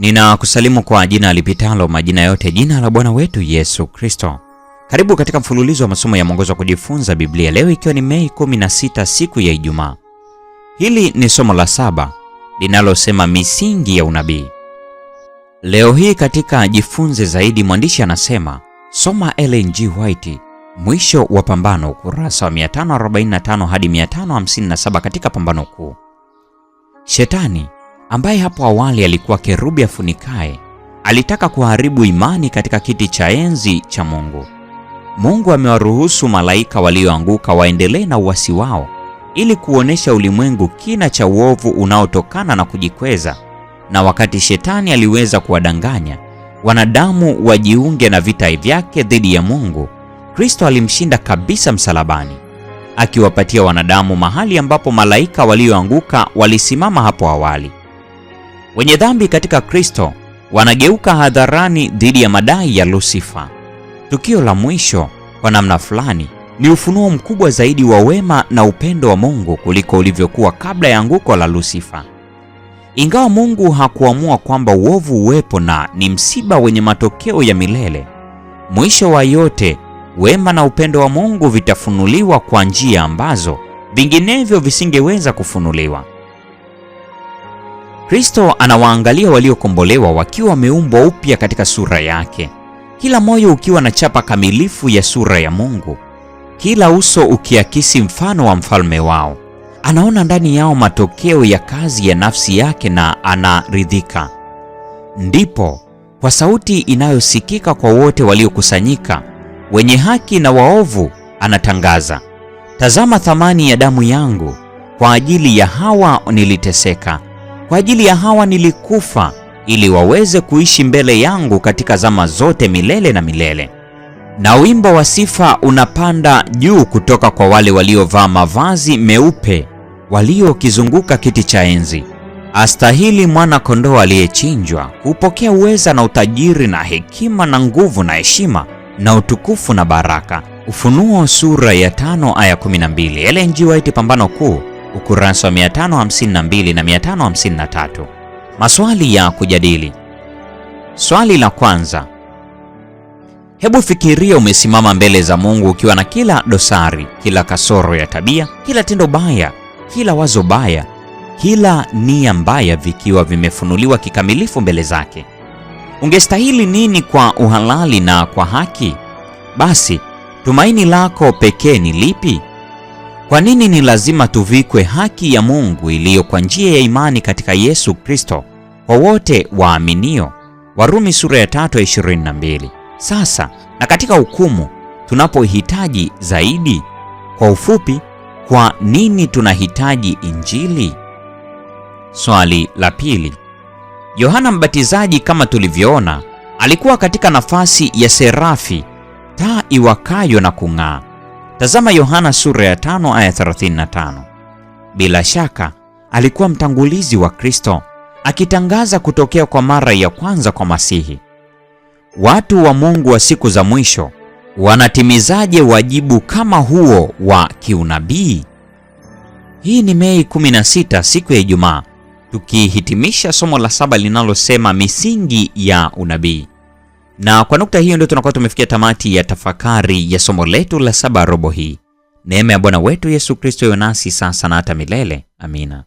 Ninakusalimu kwa jina lipitalo majina yote, jina la Bwana wetu Yesu Kristo. Karibu katika mfululizo wa masomo ya mwongozo wa kujifunza Biblia, leo ikiwa ni Mei 16 siku ya Ijumaa. Hili ni somo la saba linalosema misingi ya unabii. Leo hii katika jifunze zaidi, mwandishi anasema soma Ellen G. White, mwisho wa pambano, ukurasa wa 545 hadi 557 katika pambano kuu. Shetani ambaye hapo awali alikuwa kerubi afunikaye, alitaka kuharibu imani katika kiti cha enzi cha Mungu. Mungu amewaruhusu malaika walioanguka waendelee na uasi wao ili kuonesha ulimwengu kina cha uovu unaotokana na kujikweza. Na wakati shetani aliweza kuwadanganya wanadamu wajiunge na vita vyake dhidi ya Mungu, Kristo alimshinda kabisa msalabani, akiwapatia wanadamu mahali ambapo malaika walioanguka walisimama hapo awali. Wenye dhambi katika Kristo wanageuka hadharani dhidi ya madai ya Lusifa. Tukio la mwisho kwa namna fulani ni ufunuo mkubwa zaidi wa wema na upendo wa Mungu kuliko ulivyokuwa kabla ya anguko la Lusifa. Ingawa Mungu hakuamua kwamba uovu uwepo na ni msiba wenye matokeo ya milele, mwisho wa yote wema na upendo wa Mungu vitafunuliwa kwa njia ambazo vinginevyo visingeweza kufunuliwa. Kristo anawaangalia waliokombolewa wakiwa wameumbwa upya katika sura yake, kila moyo ukiwa na chapa kamilifu ya sura ya Mungu, kila uso ukiakisi mfano wa mfalme wao. Anaona ndani yao matokeo ya kazi ya nafsi yake na anaridhika. Ndipo kwa sauti inayosikika kwa wote waliokusanyika, wenye haki na waovu, anatangaza, tazama thamani ya damu yangu, kwa ajili ya hawa niliteseka kwa ajili ya hawa nilikufa ili waweze kuishi mbele yangu katika zama zote milele na milele. Na wimbo wa sifa unapanda juu kutoka kwa wale waliovaa mavazi meupe waliokizunguka kiti cha enzi. Astahili mwana kondoo aliyechinjwa kupokea uweza na utajiri na hekima na nguvu na heshima na utukufu na baraka. Ufunuo sura ya tano aya 12. Ellen G. White, Pambano Kuu ukurasa wa 552 na 553. Maswali ya kujadili. Swali la kwanza. Hebu fikiria umesimama mbele za Mungu ukiwa na kila dosari, kila kasoro ya tabia, kila tendo baya, kila wazo baya, kila nia mbaya vikiwa vimefunuliwa kikamilifu mbele zake. Ungestahili nini kwa uhalali na kwa haki? Basi, tumaini lako pekee ni lipi? Kwa nini ni lazima tuvikwe haki ya Mungu iliyo kwa njia ya imani katika Yesu Kristo kwa wote waaminio? Warumi sura ya 3:22. Sasa na katika hukumu tunapohitaji zaidi, kwa ufupi, kwa nini tunahitaji Injili? Swali la pili. Yohana Mbatizaji kama tulivyoona, alikuwa katika nafasi ya serafi, taa iwakayo na kung'aa. Tazama Yohana sura ya 5 aya 35. Bila shaka alikuwa mtangulizi wa Kristo akitangaza kutokea kwa mara ya kwanza kwa Masihi. Watu wa Mungu wa siku za mwisho wanatimizaje wajibu kama huo wa kiunabii? Hii ni Mei 16 siku ya Ijumaa, tukihitimisha somo la saba linalosema misingi ya unabii. Na kwa nukta hiyo ndio tunakuwa tumefikia tamati ya tafakari ya somo letu la saba robo hii. Neema ya Bwana wetu Yesu Kristo iwe nasi sasa na hata milele. Amina.